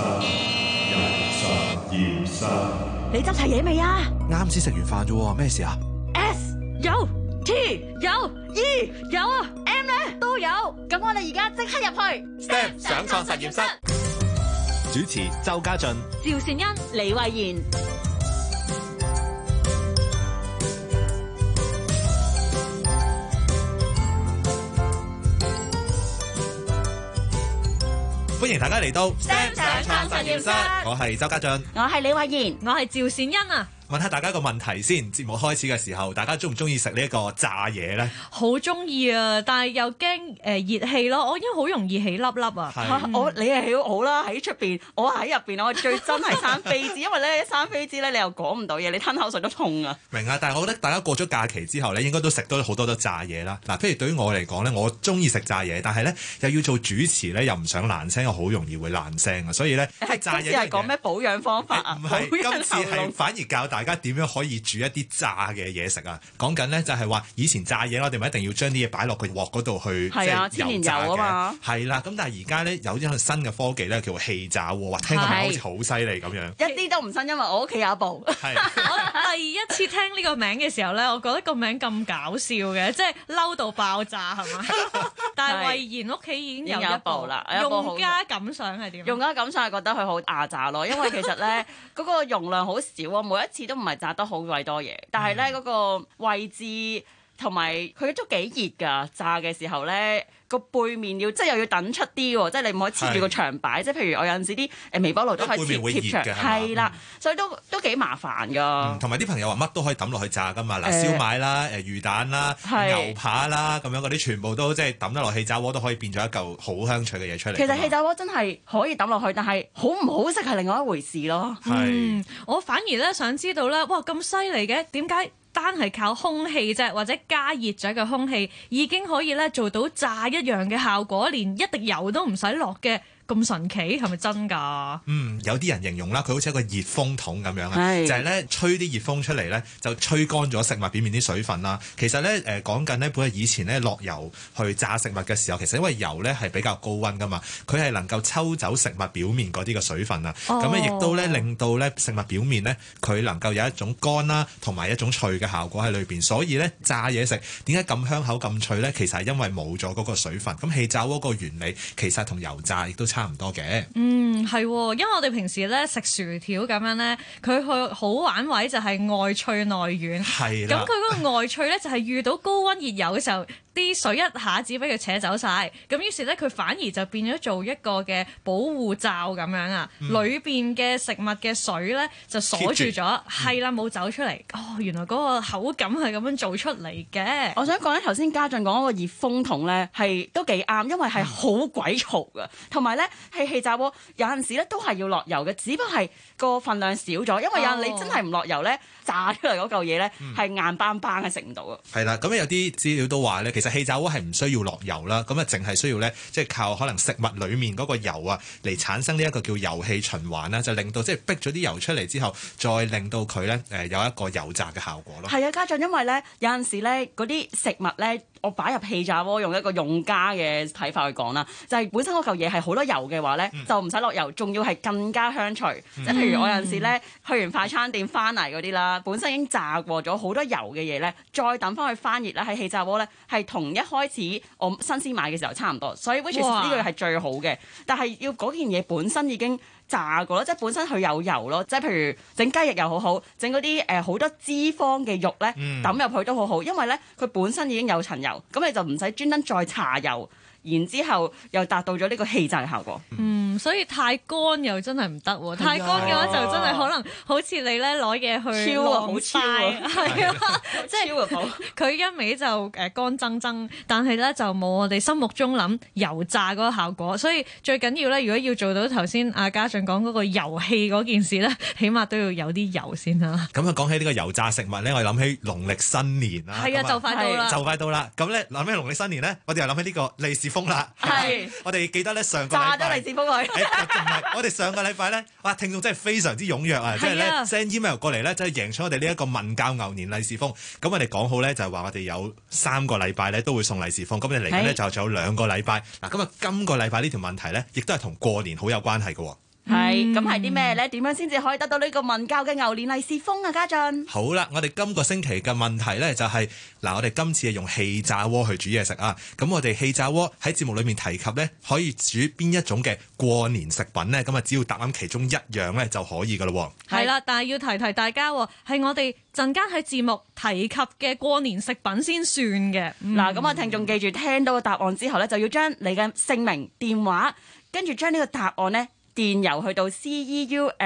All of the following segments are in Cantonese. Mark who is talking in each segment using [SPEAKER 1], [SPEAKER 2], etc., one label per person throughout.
[SPEAKER 1] 實實
[SPEAKER 2] 你執齊嘢未啊？
[SPEAKER 1] 啱先食完飯啫，咩事啊
[SPEAKER 2] ？S 有，T 有，E 有，M 呢都有。咁我哋而家即刻入去。Step
[SPEAKER 1] 上創實驗室。驗室主持：周家俊、
[SPEAKER 2] 趙善恩、李慧賢。
[SPEAKER 1] 歡迎大家嚟到實驗
[SPEAKER 2] 室，
[SPEAKER 1] 我係周家俊，
[SPEAKER 2] 我係
[SPEAKER 3] 李慧賢，我係趙善恩啊。
[SPEAKER 1] 問下大家個問題先，節目開始嘅時候，大家中唔中意食呢一個炸嘢咧？
[SPEAKER 3] 好中意啊！但係又驚誒、呃、熱氣咯，我因為好容易起粒粒啊。
[SPEAKER 2] 我你係起好啦，喺出邊，我喺入邊，我最憎係生痱子， 因為咧生痱子咧，你又講唔到嘢，你吞口水都痛啊。
[SPEAKER 1] 明啊！但係我覺得大家過咗假期之後咧，應該都食多好多都炸嘢啦。嗱、啊，譬如對於我嚟講咧，我中意食炸嘢，但係咧又要做主持咧，又唔想爛聲，好容易會爛聲啊。所以咧，炸嘢係講
[SPEAKER 2] 咩保養方法啊？唔係、哎，今次係
[SPEAKER 1] 反而教大。大家點樣可以煮一啲炸嘅嘢食啊？講緊咧就係話以前炸嘢，我哋咪一定要將啲嘢擺落個鑊嗰度去，的即係油啊嘛，係啦，咁但係而家咧有啲新嘅科技咧，叫氣炸鍋，聽落好似好犀利咁樣。是
[SPEAKER 2] 一啲都
[SPEAKER 3] 唔新，因為我屋企有一部。係是。 我第一次聽呢個名嘅時候咧，我覺得個名咁
[SPEAKER 2] 搞笑嘅，即係嬲到爆炸係嘛？ 但係魏
[SPEAKER 3] 然屋企已經有一部啦。部部用家
[SPEAKER 2] 感想係點？用家感想係覺得佢好亞炸咯，因為其實咧嗰 個容量好少啊，每一次。都唔係炸得好鬼多嘢，但係咧嗰個位置。同埋佢都幾熱㗎，炸嘅時候咧個背面要即係又要等出啲喎，即係你唔可以黐住個牆擺。即係是譬如我有陣時啲誒微波爐都背面會熱㗎，係啦，所以都都幾麻煩
[SPEAKER 1] 㗎。同埋啲朋友話乜都可以抌落去炸㗎嘛，嗱、嗯、燒賣啦、誒魚蛋啦、嗯、是牛扒啦咁樣嗰啲全部都即係抌得落氣炸鍋都可以變咗一嚿好香脆嘅嘢出嚟。其實
[SPEAKER 2] 氣炸鍋真係可以抌落去，但係好唔好食係另，另外一回事咯。係是、嗯，
[SPEAKER 3] 我反而咧想知道咧，哇咁犀利嘅點解？單係靠空氣啫，或者加熱咗嘅空氣已經可以咧做到炸一樣嘅效果，連一滴油都唔使落嘅。咁神奇係咪真㗎？嗯，
[SPEAKER 1] 有啲人形容啦，佢好似一個熱風筒咁樣啊，是就係咧吹啲熱風出嚟咧，就吹乾咗食物表面啲水分啦。其實咧，誒、呃、講緊呢本來以前咧落油去炸食物嘅時候，其實因為油咧係比較高温㗎嘛，佢係能夠抽走食物表面嗰啲嘅水分啊，咁啊、哦，亦都咧令到咧食物表面咧佢能夠有一種乾啦，同埋一種脆嘅效果喺裏邊。所以咧炸嘢食點解咁香口咁脆咧？其實係因為冇咗嗰個水分。咁氣炸鍋個原理其實同油炸亦都差。差唔多嘅，
[SPEAKER 3] 嗯，係，因為我哋平時咧食薯條咁樣咧，佢去好玩位就係外脆內軟，係，咁佢嗰個外脆咧就係遇到高温熱油嘅時候。啲水一下子俾佢扯走晒，咁於是咧佢反而就變咗做一個嘅保護罩咁樣啊，裏邊嘅食物嘅水咧就鎖住咗，係啦，冇走出嚟。哦，原來嗰個口感係咁樣做出嚟
[SPEAKER 2] 嘅。我想講咧頭先家俊講嗰個熱風筒咧，係都幾啱，因為係好鬼嘈噶，同埋咧係氣炸鍋有陣時咧都係要落油嘅，只不過係個份量少咗，因為有陣你真係唔落油咧，炸出嚟嗰嚿嘢咧，係硬邦邦嘅，食唔到啊。
[SPEAKER 1] 係啦，咁、嗯、有啲資料都話咧。其實氣炸鍋係唔需要落油啦，咁啊淨係需要咧，即係靠可能食物裏面嗰個油啊，嚟產生呢一個叫油氣循環啦，就令到即係逼咗啲油出嚟之後，再令到佢咧誒有一個油炸嘅效果咯。係
[SPEAKER 2] 啊，加上因為咧有陣時咧嗰啲食物咧。我擺入氣炸鍋，用一個用家嘅睇法去講啦，就係本身嗰嚿嘢係好多油嘅話呢就唔使落油，仲要係更加香脆。即係譬如我有陣時呢去完快餐店翻嚟嗰啲啦，本身已經炸過咗好多油嘅嘢呢，再等翻去翻熱啦，喺氣炸鍋呢，係同一開始我新鮮買嘅時候差唔多，所以 which is 呢哇個係最好嘅。但係要嗰件嘢本身已經。炸過咯，即係本身佢有油咯，即係譬如整雞翼又好好，整嗰啲誒好多脂肪嘅肉咧，揼入去都好好，因為咧佢本身已經有層油，咁你就唔使專登再搽油。然之後又達到咗呢個氣炸嘅效果。嗯，
[SPEAKER 3] 所以太乾又真係唔得喎。太乾嘅話就真係可能好似你咧攞嘢去超啊，好超啊，係啊，即係佢一味就誒乾爭爭，但係咧就冇我哋心目中諗油炸嗰個效果。所以最緊要咧，如果要做到頭先阿嘉俊講嗰個油氣嗰件事咧，起碼都要有啲油先啦。
[SPEAKER 1] 咁啊，講起呢個油炸食物咧，我哋諗起農曆新年啦。係啊，就快到啦，就快到啦。咁咧諗起農曆新年咧，我哋又諗起呢個利是。封啦，係 是 我哋記得咧上個禮拜，炸咗利、 哎、是封我哋上個禮拜咧，哇！聽眾真係非常之踴躍啊，即係咧 send email 過嚟咧，就係贏取我哋呢一個文教牛年利是封。咁我哋講好咧，就係、是、話我哋有三個禮拜咧都會送利是封。咁你嚟緊咧就仲有兩個禮拜。嗱、啊，咁啊今個禮拜呢條問題咧，亦都係同過年好有關係嘅、哦。
[SPEAKER 2] 係咁，係啲咩呢？點樣先至可以得到呢個文教嘅牛年利是封啊？家俊
[SPEAKER 1] 好啦，我哋今個星期嘅問題呢，就係、是、嗱，我哋今次係用氣炸鍋去煮嘢食啊。咁我哋氣炸鍋喺節目裡面提及呢，可以煮邊一種嘅過年食品呢？咁啊，只要答啱其中一樣呢，就可以噶啦。係
[SPEAKER 3] 啦，但係要提提大家，係我哋陣間喺節目提及嘅過年食品
[SPEAKER 2] 先算嘅嗱。咁啊、嗯，聽眾記住，聽到個答案之後呢，就要將你嘅姓名、電話，跟住將呢個答案呢，電郵去到 ceu@rthk.hk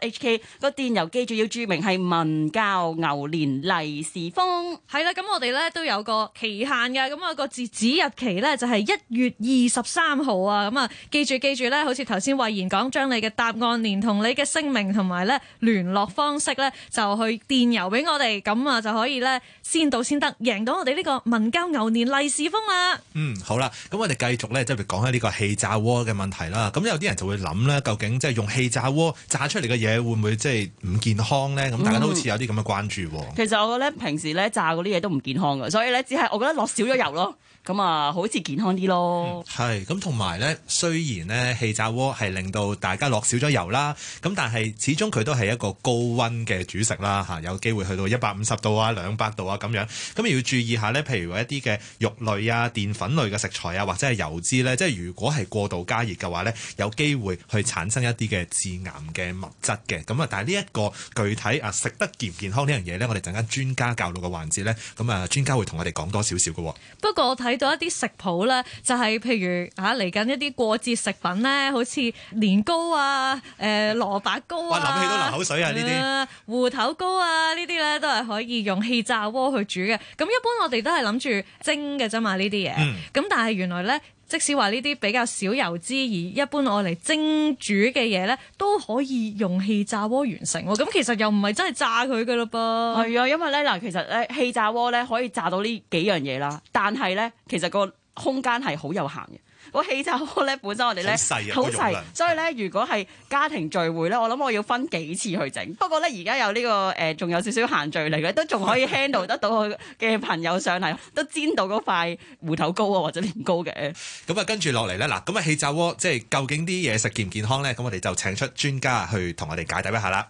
[SPEAKER 2] at 個電郵，記住要注明係文教牛年利是封係啦，咁我哋咧都有個期限嘅，咁、那、啊個截止日期咧就係、是、一月二十
[SPEAKER 3] 三號啊，咁啊記住記住咧，好似頭先慧賢講，將你嘅答案連同你嘅聲明同埋咧聯絡方式咧就去電郵俾我哋，咁啊就可以咧先到先得，贏到我哋呢個文教牛年利是封啊。嗯，
[SPEAKER 1] 好啦，咁我哋繼續咧即係講下呢個氣炸鍋嘅問題啦，咁有啲人就會諗咧，究竟即係用氣炸鍋炸出嚟嘅嘢會唔會即係唔健康咧？咁大家都好似有啲咁嘅關注、嗯。
[SPEAKER 2] 其實我覺得平時咧炸嗰啲嘢都唔健康嘅，所以咧只係我覺得落少咗油 咯。咁啊、嗯，好似健康啲咯。
[SPEAKER 1] 係咁，同埋咧，雖然咧氣炸鍋係令到大家落少咗油啦，咁但係始終佢都係一個高溫嘅主食啦，嚇，有機會去到一百五十度啊、兩百度啊咁樣。咁要注意下咧，譬如話一啲嘅肉類啊、澱粉類嘅食材啊，或者係油脂咧，即係如果係過度加熱嘅話咧，有機會去產生一啲嘅致癌嘅物質嘅，咁啊，但係呢一個具體啊，食得健唔健康呢樣嘢咧，我哋陣間專家教育嘅環節咧，咁啊，專家會同我哋講多少少嘅。
[SPEAKER 3] 不過我睇到一啲食譜咧，就係、是、譬如啊，嚟緊一啲過節食品咧，好似年糕啊、誒、呃、蘿蔔糕啊，諗起都流口水啊！呢啲芋頭糕啊，呢啲咧都係可以用氣炸鍋去煮嘅。咁一般我哋都係諗住蒸嘅啫嘛，呢啲嘢。咁、嗯、但係原來咧。即使話呢啲比較少油脂而一般我嚟蒸煮嘅嘢咧，都可以用氣炸鍋完成喎。咁其實又唔係真係炸佢㗎喇噃。係
[SPEAKER 2] 啊，因為咧嗱，其實咧氣炸鍋咧可以炸到呢幾樣嘢啦，但係咧其實個空間係好有限嘅。個氣炸鍋咧，本身我哋咧好細，細所以咧如果係家庭聚會咧，我諗我要分幾次去整。不過咧而家有呢、這個誒，仲、呃、有少少限聚嚟嘅，都仲可以 handle 得到佢嘅朋友上嚟，都煎到嗰塊芋頭糕啊，或者年糕嘅。
[SPEAKER 1] 咁啊、嗯，跟住落嚟咧，嗱，咁啊氣炸鍋即係究竟啲嘢食健唔健康咧？咁我哋就請出專家去同我哋解答一下啦。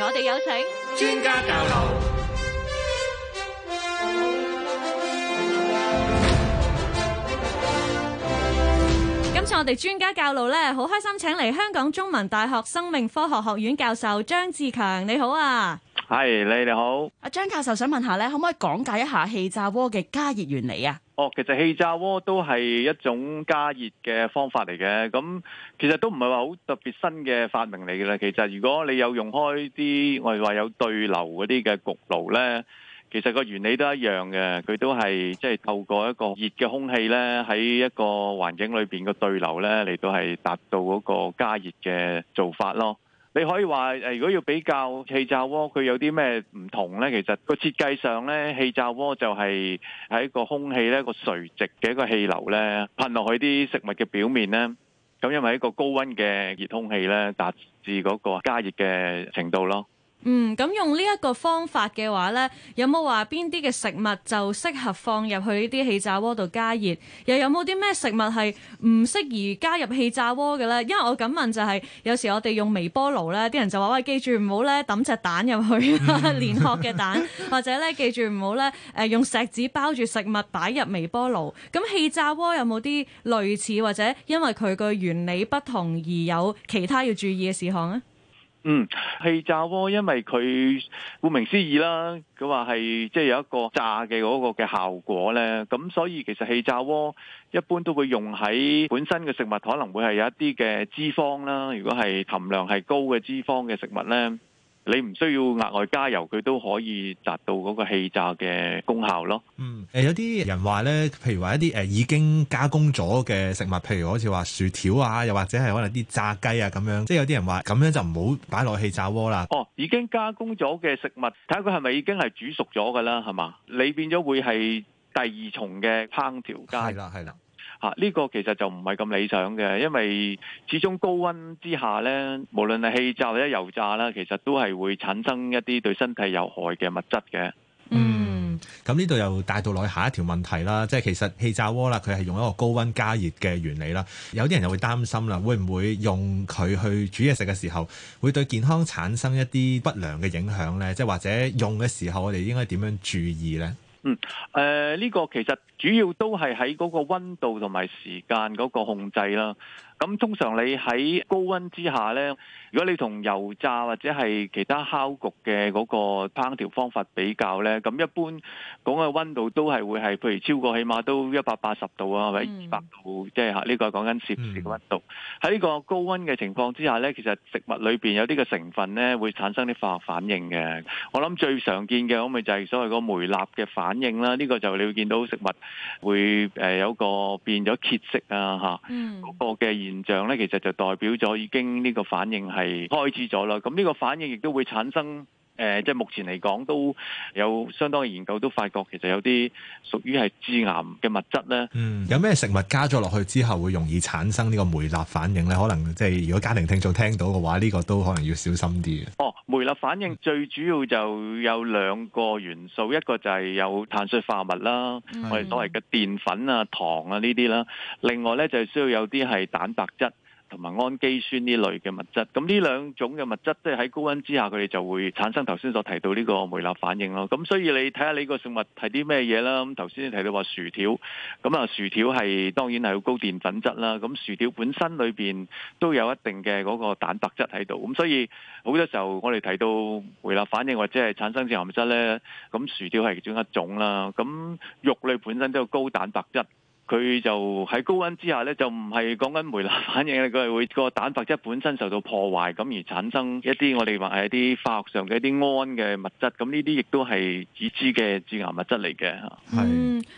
[SPEAKER 3] 我哋有請專家教導。我哋專家教路咧，好開心請嚟，香港中文大學生命科學學院教
[SPEAKER 2] 授張志強，你好啊！
[SPEAKER 4] 係，你你好。
[SPEAKER 2] 阿張教授，想問下咧，可唔可以講解一下氣炸鍋嘅加熱原理
[SPEAKER 4] 啊？哦，其實氣炸鍋都係一種加熱嘅方法嚟嘅，咁其實都唔係話好特別新嘅發明嚟嘅啦。其實如果你有用開啲我哋話有對流嗰啲嘅焗爐咧。其實個原理都一樣嘅，佢都係即係透過一個熱嘅空氣呢，喺一個環境裏邊個對流呢，嚟到係達到嗰個加熱嘅做法咯。你可以話誒，如果要比較氣炸鍋，佢有啲咩唔同呢？其實，這個設計上呢，氣炸鍋就係、是，喺個空氣呢個垂直嘅一個氣流呢噴落去啲食物嘅表面呢。咁因為一個高溫嘅熱空氣呢，達至嗰個加熱嘅程度咯。
[SPEAKER 3] 嗯，咁用呢一個方法嘅話呢，有冇話邊啲嘅食物就適合放入去呢啲氣炸鍋度加熱？又有冇啲咩食物係唔適宜加入氣炸鍋嘅呢？因為我敢問就係，有時我哋用微波爐呢，啲人就話喂，記住唔好呢，揼隻蛋入去， 連殼嘅蛋，或者呢，記住唔好呢，誒用錫紙包住食物擺入微波爐。咁氣炸鍋有冇啲類似或者因為佢個原理不同而有其他要注意嘅事項呢？
[SPEAKER 4] 嗯，氣炸鍋，因為佢顧名思義啦，佢話係即係有一個炸嘅嗰個嘅效果咧，咁所以其實氣炸鍋一般都會用喺本身嘅食物，可能會係有一啲嘅脂肪啦，如果係含量係高嘅脂肪嘅食物咧。你唔需要額外加油，佢都可以達到嗰個氣炸嘅功效咯。
[SPEAKER 1] 嗯，誒有啲人話咧，譬如話一啲誒已經加工咗嘅食物，譬如好似話薯條啊，又或者係可能啲炸雞啊咁樣，即係有啲人話咁樣就唔好擺落氣炸鍋啦。
[SPEAKER 4] 哦，已經加工咗嘅食物，睇下佢係咪已經係煮熟咗㗎啦，係嘛？你變咗會係第二重嘅烹調階。係啦，係啦。呢個其實就唔係咁理想嘅，因為始終高溫之下呢，無論係氣炸或者油炸啦，其實都係會產生一啲對身體有害嘅物質嘅。嗯，
[SPEAKER 1] 咁呢度又帶到落去下一條問題啦，即係其實氣炸鍋啦，佢係用一個高溫加熱嘅原理啦。有啲人又會擔心啦，會唔會用佢去煮嘢食嘅時候，會對健康產生一啲不良嘅影響呢？即係或者用嘅時候，我哋應該點樣注意呢？
[SPEAKER 4] 嗯，誒、呃，呢、這個其實主要都係喺嗰個溫度同埋時間嗰個控制啦。咁通常你喺高溫之下咧，如果你同油炸或者係其他烤焗嘅嗰個烹調方法比較咧，咁一般講嘅溫度都係會係譬如超過起碼都一百八十度啊，或者二百度，即係嚇呢個講緊攝氏嘅溫度。喺呢、嗯、個高溫嘅情況之下咧，其實食物裏邊有啲嘅成分咧會產生啲化學反應嘅。我諗最常見嘅，咁咪就係所謂個梅納嘅反應啦。呢個就你會見到食物會誒有個變咗褐色啊吓個嘅現象咧，其實就代表咗已經呢個反應係開始咗啦。咁呢個反應亦都會產生。誒、呃，即係目前嚟講，都有相當嘅研究，都發覺其實有啲屬於係致癌嘅物質咧。嗯，
[SPEAKER 1] 有咩食物加咗落去之後會容易產生呢個梅立反應咧？可能即係如果家庭聽眾聽到嘅話，呢、這個都可能要小心啲。哦，
[SPEAKER 4] 梅立反應最主要就有兩個元素，一個就係有碳水化合物啦，我哋、嗯、所謂嘅澱粉啊、糖啊呢啲啦，另外咧就係需要有啲係蛋白質。同埋氨基酸呢類嘅物,物質，咁呢兩種嘅物質即係喺高温之下，佢哋就會產生頭先所提到呢個梅納反應咯。咁所以你睇下你個食物係啲咩嘢啦？咁頭先提到話薯條咁啊薯條係當然係係高澱粉質啦。咁薯條本身裏邊都有一定嘅嗰個蛋白質喺度。咁所以好多時候我哋睇到梅納反應或者係產生致癌質咧，咁薯條係其中一種啦。咁肉類本身都有高蛋白質。佢就喺高溫之下咧，就唔係講緊梅拉反應咧，佢係會個蛋白質本身受到破壞，咁而產生一啲我哋話係一啲化學上嘅一啲胺嘅物質。咁呢啲亦都係已知嘅致癌物質嚟嘅。係是。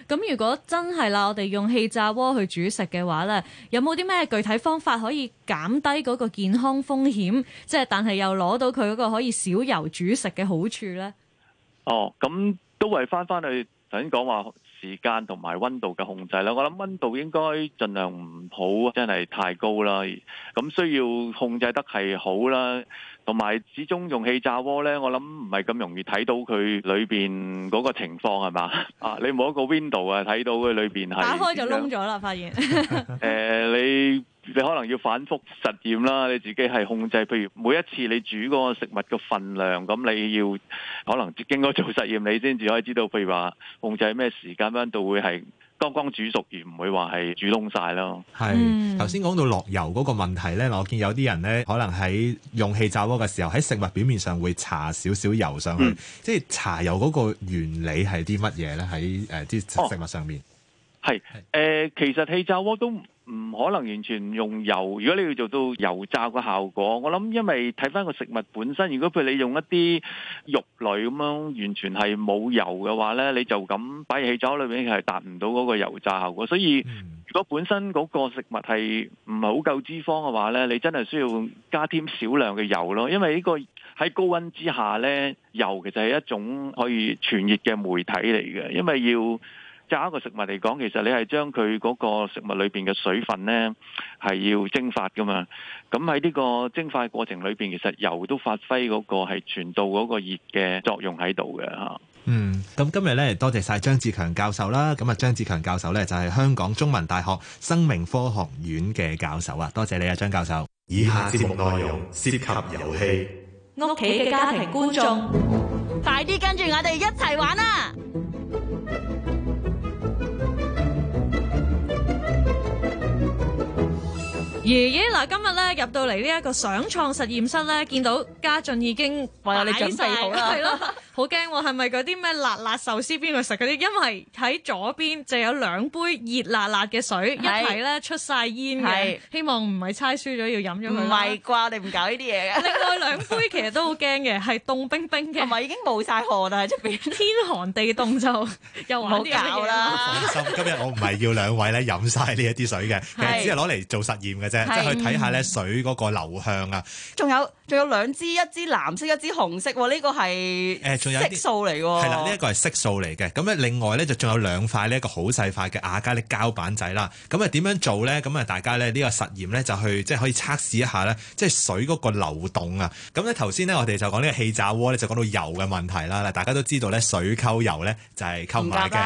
[SPEAKER 3] 咁、嗯、如果真係啦，我哋用氣炸鍋去煮食嘅話咧，有冇啲咩具體方法可以減低嗰個健康風險？即、就、係、是、但係又攞到佢嗰個可以少油煮食嘅好處咧？
[SPEAKER 4] 哦，咁都係翻翻去頭先講話。時間同埋溫度嘅控制啦，我諗溫度應該盡量唔好真係太高啦，咁需要控制得係好啦。同埋，始終用氣炸鍋咧，我諗唔係咁容易睇到佢裏邊嗰個情況係嘛？ 啊，你冇一個 window 啊，睇到佢裏邊係打開就窿
[SPEAKER 3] 咗啦，發現。
[SPEAKER 4] 誒、 呃，你你可能要反覆實驗啦，你自己係控制，譬如每一次你煮嗰個食物嘅份量，咁你要可能經過做實驗，你先至可以知道，譬如話控制咩時間温度會係。剛剛煮熟，而唔會話係煮㶶晒咯。係
[SPEAKER 1] 頭先講到落油嗰個問題咧，我見有啲人咧，可能喺用氣炸鍋嘅時候，喺食物表面上會搽少少油上去，嗯、即係搽油嗰個原理係啲乜嘢咧？喺誒啲食物上面，
[SPEAKER 4] 係誒、哦呃，其實氣炸鍋都。唔可能完全唔用油，如果你要做到油炸嘅效果，我諗，因為睇翻個食物本身，如果譬如你用一啲肉類咁樣，完全係冇油嘅話咧，你就咁擺喺氣炸爐裏邊係達唔到嗰個油炸效果。所以如果本身嗰個食物係唔係好夠脂肪嘅話咧，你真係需要加添少量嘅油咯。因為呢個喺高溫之下咧，油其實係一種可以傳熱嘅媒體嚟嘅，因為要。揸一個食物嚟講，其實你係將佢嗰個食物裏邊嘅水分呢係要蒸發噶嘛。咁喺呢個蒸發過程裏邊，其實油都發揮嗰個係傳導嗰個熱嘅作用喺度嘅吓。嗯，
[SPEAKER 1] 咁今日呢，多謝晒張志強教授啦。咁啊，張志強教授呢，就係、是、香港中文大學生命科學院嘅教授啊。多謝你啊，張教授。以下節目內容涉及遊戲，
[SPEAKER 2] 屋企嘅家庭觀眾，觀眾快啲跟住我哋一齊玩啦啊！
[SPEAKER 3] 爺爺嗱，今日咧入到嚟呢一個想創實驗室咧，見到家俊已經話你準備好啦，係咯。好驚喎！係咪嗰啲咩辣辣壽司邊度食嗰啲？因為喺左邊就有兩杯熱辣辣嘅水，一睇咧出晒煙嘅。希望唔係猜輸咗要飲咗佢。唔係啩？你唔搞呢啲嘢嘅。另外兩杯其實都好驚嘅，係凍冰冰嘅。同埋已經冇晒河汗喺出邊。天寒地凍就
[SPEAKER 2] 又唔好搞啦。放
[SPEAKER 1] 心，今日我唔係要兩位咧飲晒呢一啲水嘅，其實只係攞嚟做實驗嘅啫，即係去睇下咧水嗰個流向啊。
[SPEAKER 2] 仲有仲有兩支，一支藍色，一支紅色喎。呢個係誒。色素嚟喎，係啦，呢一
[SPEAKER 1] 個係色素嚟嘅。咁咧，另外咧就仲有兩塊呢一個好細塊嘅亞加力膠板仔啦。咁啊點樣做咧？咁啊大家咧呢個實驗咧就去即係可以測試一下咧，即係水嗰個流動啊。咁咧頭先咧我哋就講呢個氣炸鍋咧就講到油嘅問題啦。大家都知道咧水溝油咧就係溝唔埋嘅，係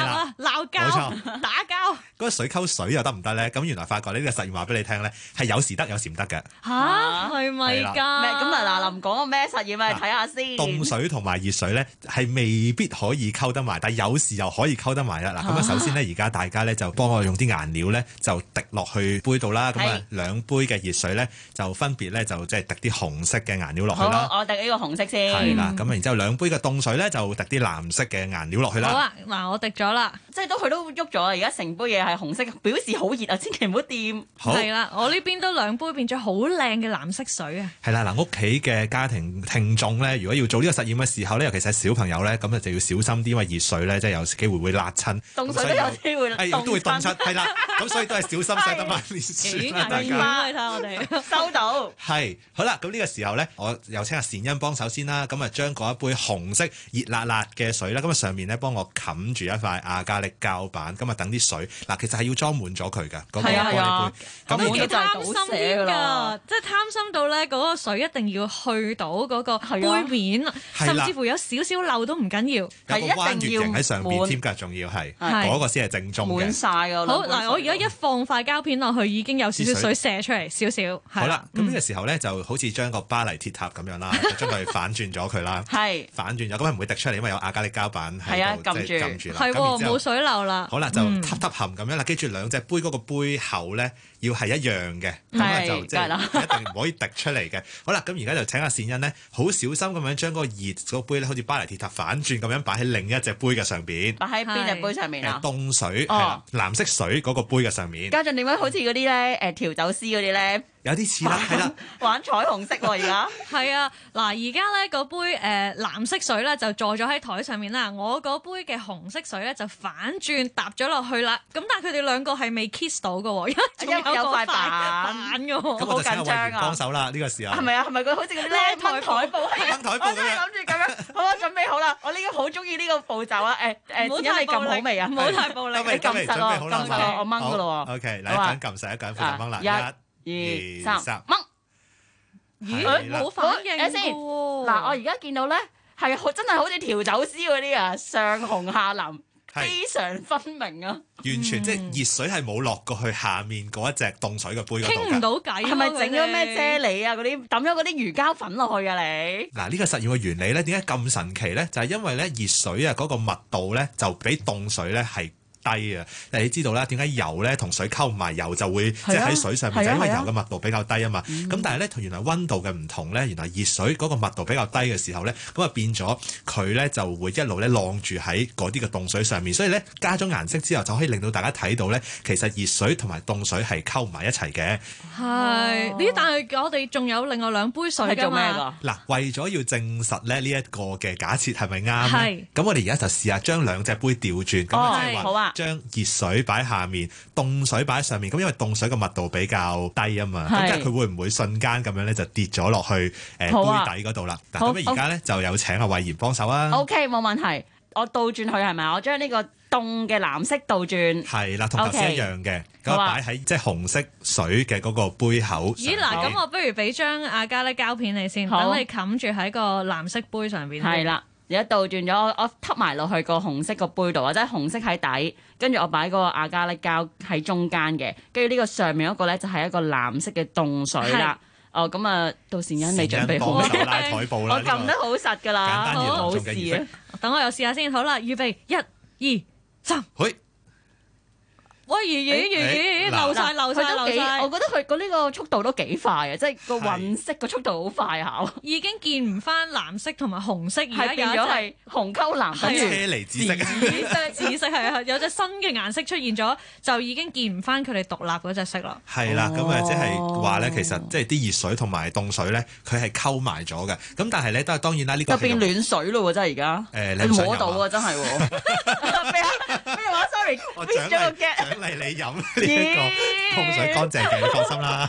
[SPEAKER 1] 啊，鬧交，冇錯，打交。
[SPEAKER 2] 嗰
[SPEAKER 1] 個水溝水又得唔得咧？咁原來發覺呢個實驗話俾你聽咧係有時得有時唔得嘅。
[SPEAKER 2] 吓？係咪㗎？咁嗱嗱，臨講個咩實驗啊？睇下先。凍
[SPEAKER 1] 水同埋。熱水咧係未必可以溝得埋，但係有時又可以溝得埋啦。嗱，咁啊，首先咧，而家大家咧就幫我用啲顏料咧，就滴落去杯度啦。咁啊是，兩杯嘅熱水咧，就分別咧就即係滴啲紅色嘅顏料落去啦。
[SPEAKER 2] 好，我滴呢個紅色先。係啦，咁
[SPEAKER 1] 然之後兩杯嘅凍水咧，就滴啲藍色嘅顏料落去啦。好啦，
[SPEAKER 2] 嗱，我滴咗啦，即係都佢都喐咗啊。而家成杯嘢係紅色，表示好熱啊，千祈唔好掂。
[SPEAKER 1] 係啦，
[SPEAKER 3] 我呢邊都兩杯變咗好靚嘅藍色水啊。
[SPEAKER 1] 係啦，嗱，屋企嘅家庭聽眾咧，如果要做呢個實驗嘅時候，後咧，尤其是小朋友咧，咁啊就要小心啲，因為熱水咧即係有機會會辣親，凍水有機會都會凍出。係啦，咁所以都係小心先得嘛。熱水啦，大家，睇下我
[SPEAKER 2] 哋收到。
[SPEAKER 1] 係好啦，咁呢個時候咧，我又請阿善欣幫手先啦，咁啊將嗰一杯紅色熱辣辣嘅水啦，咁啊上面咧幫我冚住一塊亞加力膠板，咁啊等啲水嗱，其實係要裝滿咗佢㗎，嗰個玻璃杯。咁而家貪心啲㗎，
[SPEAKER 3] 即係貪心到咧嗰個水一定要去到嗰個杯面，甚至。有少少漏都唔緊要，係一定要滿
[SPEAKER 1] 添㗎，仲要係嗰個先係正宗嘅滿
[SPEAKER 3] 曬個。好嗱，我而家一放塊膠片落去，已經有少少水射出嚟，少少。好啦，咁呢
[SPEAKER 1] 個時候咧，就好似將個巴黎鐵塔咁樣啦，將佢反轉咗佢啦，係反轉咗，咁係唔會滴出嚟，因為有亞加力膠板喺度冚住，係喎冇
[SPEAKER 3] 水流啦。好啦，就凸
[SPEAKER 1] 凸含咁樣啦，記住兩隻杯嗰個杯口咧。要係一樣嘅，咁啊是就即係然一定唔可以滴出嚟嘅、 啊。好啦，咁而家就請阿善恩咧，好小心咁樣將嗰個熱個杯咧，好似巴黎鐵塔反轉咁樣擺喺另一隻杯嘅上邊。擺喺邊隻杯上面啊？凍是、呃、水係啦、哦，藍色水嗰個杯嘅上面。加
[SPEAKER 2] 上點解好似嗰啲咧誒調酒師嗰啲咧？
[SPEAKER 1] 有啲似啦，係啦，
[SPEAKER 2] 玩彩虹色喎，而家係啊，
[SPEAKER 3] 嗱，而家咧嗰杯誒藍色水咧就坐咗喺台上面啦，我嗰杯嘅紅色水咧就反轉搭咗落去啦，咁但係佢哋兩個係未 kiss 到嘅喎，有塊板嘅喎，好緊張啊！咁幫
[SPEAKER 1] 手啦，呢個時候係
[SPEAKER 2] 咪啊？係咪個好似嗰啲台布？檸台布，我真係諗住咁樣，好啦，準備好啦，我呢個好中意呢個步驟啊，誒誒，唔好太暴力啊，唔好太暴力，你撳實咯，撳實咯，我掹嘅啦，OK，
[SPEAKER 1] 一撳撳實，一撳撳掹一。二三乜？咦，冇反應嘅
[SPEAKER 2] 喎！嗱，我而家見到咧，係好真係好似調酒師嗰啲啊，上紅下藍，非常分明啊！
[SPEAKER 1] 完全即係熱水係冇落過去下面嗰一隻凍水嘅杯嗰度。傾
[SPEAKER 2] 唔到偈，係咪整咗咩啫喱啊？嗰啲抌咗嗰啲魚膠粉落去啊！你
[SPEAKER 1] 嗱呢個實驗嘅原理咧，點解咁神奇咧？就係因為咧熱水啊嗰個密度咧就比凍水咧係。低啊！你知道啦，點解油咧同水溝埋油就會即係喺水上面，啊、就係因為油嘅密度比較低啊嘛。咁、嗯、但係咧，原來溫度嘅唔同咧，原來熱水嗰個密度比較低嘅時候咧，咁啊變咗佢咧就會一路咧浪住喺嗰啲嘅凍水上面。所以咧加咗顏色之後就可以令到大家睇到咧，其實熱水同埋凍水係溝埋一齊嘅。
[SPEAKER 3] 係，咦？但係我哋仲有另外兩杯水㗎。係做咩
[SPEAKER 1] 㗎？嗱，為咗要證實咧呢一個嘅假設係咪啱咧？咁係我哋而家就試下將兩隻杯調轉。哦，好啊。將熱水擺下面，凍水擺喺上面。咁因為凍水嘅密度比較低啊嘛，咁即係佢會唔會瞬間咁樣咧就跌咗落去誒杯底嗰度啦？咁而家咧就有請阿慧賢幫手啊。OK，
[SPEAKER 2] 冇問題。我倒轉去係咪？我將呢個凍嘅藍色倒轉。
[SPEAKER 3] 係
[SPEAKER 1] 啦，同頭先一樣嘅。咁擺喺即係紅色水嘅嗰個杯口。咦嗱，咁我
[SPEAKER 3] 不如俾張阿嘉咧膠片你先，等你冚住喺個藍色杯上邊。係啦。
[SPEAKER 2] 而家倒轉咗，我我吸埋落去個紅色個杯度，或者紅色喺底，跟住我擺個亞加力膠喺中間嘅，跟住呢個上面嗰個咧就係一個藍色嘅凍水啦。是哦，咁啊，到時間你準備好，
[SPEAKER 3] 我撳得好實㗎啦，好重嘅顏色，等我又試下先。好啦，預備一、
[SPEAKER 2] 二、三，喂，魚
[SPEAKER 3] 魚魚魚，漏晒漏晒漏晒！我覺得佢
[SPEAKER 2] 佢呢個速度都幾快啊，即係個混色個速度好快啊。
[SPEAKER 3] 已經見唔返藍色同埋紅色，而家變咗係紅溝藍色，
[SPEAKER 1] 車厘紫色。紫
[SPEAKER 3] 色紫色，係啊，有隻新嘅顏色出現咗，就已經見唔返佢哋獨立嗰隻色咯。係啦，咁啊，即係話咧，其
[SPEAKER 1] 實即係啲熱水同埋凍水咧，佢係溝埋咗嘅。咁但係咧，都係當然啦，呢個變暖水咯，真係而家。誒，你摸到啊？真係。 我獎嚟獎嚟，你飲呢一個桶水乾淨嘅，你放心啦。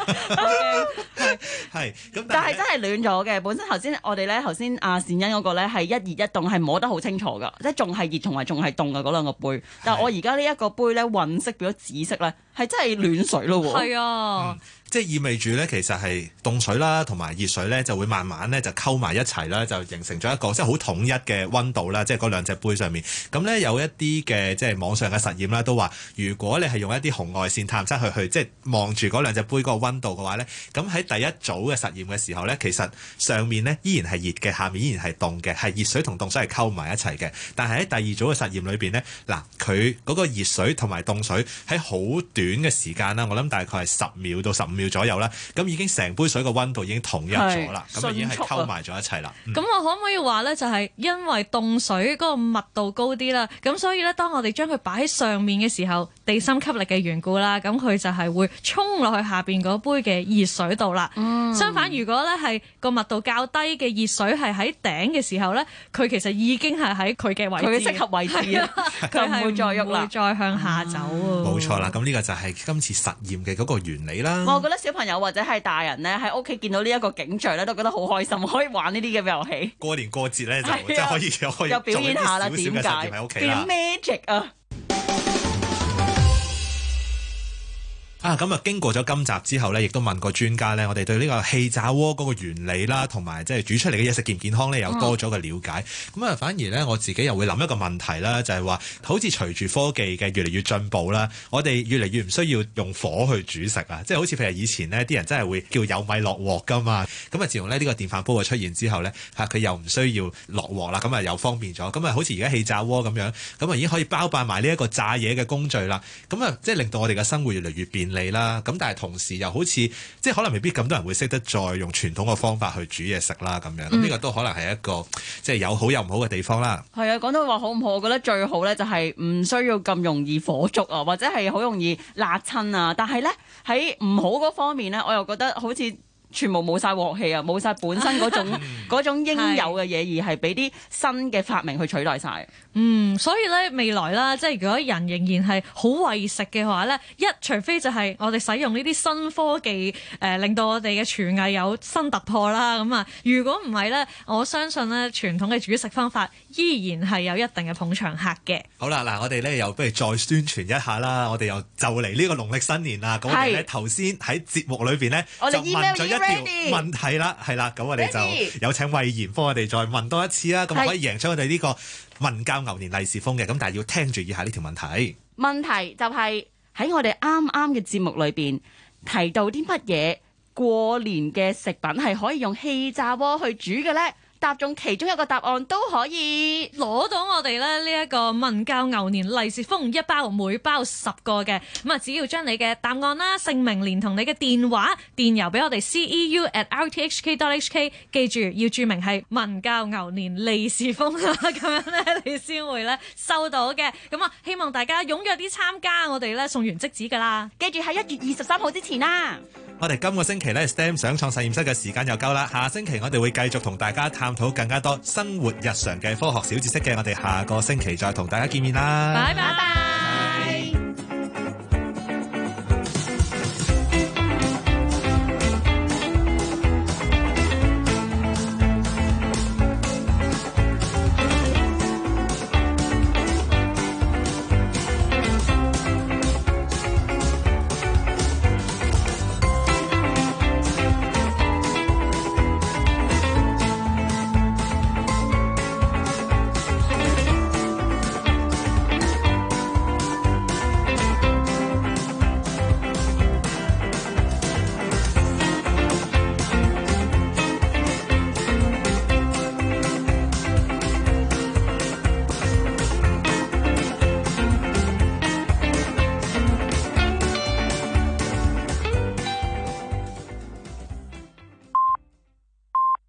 [SPEAKER 1] 係咁，
[SPEAKER 2] 但係真係暖咗嘅。本身頭先我哋咧，頭先阿善欣嗰個咧係一熱一凍，係摸得好清楚㗎，即係仲係熱同埋仲係凍嘅嗰兩個杯。是但係我而家呢一個杯咧，混色變咗紫色咧，係真係暖水咯喎。係啊。嗯
[SPEAKER 1] 即係意味住咧，其實係凍水啦，同埋熱水咧，就會慢慢咧就溝埋一齊啦，就形成咗一個即係好統一嘅温度啦。即係嗰兩隻杯上面，咁咧有一啲嘅即係網上嘅實驗啦，都話如果你係用一啲紅外線探測去去，即係望住嗰兩隻杯個温度嘅話咧，咁喺第一組嘅實驗嘅時候咧，其實上面咧依然係熱嘅，下面依然係凍嘅，係熱水同凍水係溝埋一齊嘅。但係喺第二組嘅實驗裏邊咧，嗱佢嗰個熱水同埋凍水喺好短嘅時間啦，我諗大概係十秒到十五秒左右啦，咁已經成杯水嘅温度已經統一咗啦，咁啊是已經係溝埋咗一齊啦。咁、啊嗯、
[SPEAKER 3] 我可唔可以話呢？就係、是、因為凍水嗰個密度高啲啦，咁所以呢，當我哋將佢擺喺上面嘅時候，地心吸力嘅緣故啦，咁佢就係會衝落去下邊嗰杯嘅熱水度啦。嗯、相反，如果呢係個密度較低嘅熱水係喺頂嘅時候呢，佢其實已經係喺佢嘅位置，佢嘅適合位置啦，佢
[SPEAKER 2] 係、啊、 會再喐啦，會再向下走。
[SPEAKER 3] 冇錯
[SPEAKER 1] 啦，咁呢個就係今次實驗嘅嗰個原理啦。覺
[SPEAKER 2] 得小朋友或者係大人咧，喺屋企見到呢一個景象咧，都覺得好開心，可以玩呢啲嘅遊戲。
[SPEAKER 1] 過年過節咧就即係、啊、可以有可以做啲小嘅實驗喺屋企啊。表演下啦。
[SPEAKER 2] 點解？表演 magic 啊。
[SPEAKER 1] 啊，咁啊，經過咗今集之後咧，亦都問過專家咧，我哋對呢個氣炸鍋嗰個原理啦，同埋即係煮出嚟嘅嘢食健唔健康咧，有多咗個了解。咁啊、嗯，反而咧，我自己又會諗一個問題啦，就係、是、話，好似隨住科技嘅越嚟越進步啦，我哋越嚟越唔需要用火去煮食啊，即係好似譬如以前呢啲人真係會叫有米落鑊噶嘛。咁啊，自從咧呢個電飯煲嘅出現之後咧，嚇佢又唔需要落鑊啦，咁啊又方便咗。咁啊，好似而家氣炸鍋咁樣，咁啊已經可以包辦埋呢一個炸嘢嘅工序啦。咁啊，即係令到我哋嘅生活越嚟越變利啦，咁但係同時又好似即係可能未必咁多人會識得再用傳統嘅方法去煮嘢食啦，咁樣，咁呢個都可能係一個即係、就是、有好有唔好嘅地方啦。
[SPEAKER 2] 係啊、嗯，講到話好唔好，我覺得最好呢就係唔需要咁容易火燭啊，或者係好容易辣親啊。但係呢，喺唔好嗰方面呢，我又覺得好似。全部冇晒鑊氣啊！冇晒本身嗰種嗰、 嗯、種應有嘅嘢，而係俾啲新嘅發明去取代晒。
[SPEAKER 3] 嗯，所以咧未來啦，即係如果人仍然係好為食嘅話咧，一除非就係我哋使用呢啲新科技誒、呃，令到我哋嘅廚藝有新突破啦。咁啊，如果唔係咧，我相信咧傳統嘅煮食方法依然係有一定嘅捧場客嘅。
[SPEAKER 1] 好啦，嗱我哋咧又不如再宣傳一下啦。我哋又就嚟呢個農曆新年啦。咁是我哋咧頭先喺節目裏邊呢。我就問 Ready? 問題啦，係啦，咁我哋就有請魏賢，幫我哋再問多一次啦。咁 Ready? 可以贏取我哋呢個文教牛年利是封嘅，咁但係要聽住以下呢條問題。
[SPEAKER 2] 問題就係喺我哋啱啱嘅節目裏邊提到啲乜嘢過年嘅食品係可以用氣炸鍋去煮嘅咧？答中其中一個答案都可以攞到我哋咧呢一個文教牛
[SPEAKER 3] 年利是封一包，每包十個嘅咁啊！只要將你嘅答案啦、姓名連同你嘅電話電郵俾我哋 ceu at rthk.hk，記住要註明係文教牛年利是封啦，咁樣呢，你先會咧收到嘅。咁啊，希望大家踴躍啲參加，我哋咧送完即止噶啦，記住喺一月二十三號之前啦、
[SPEAKER 1] 啊。我哋今個星期呢 STEM 想創實驗室嘅時間又夠啦，下星期我哋會繼續同大家探探討更加多生活日常嘅科學小知識嘅，我哋下個星期再同大家見面啦！拜拜
[SPEAKER 4] 拜。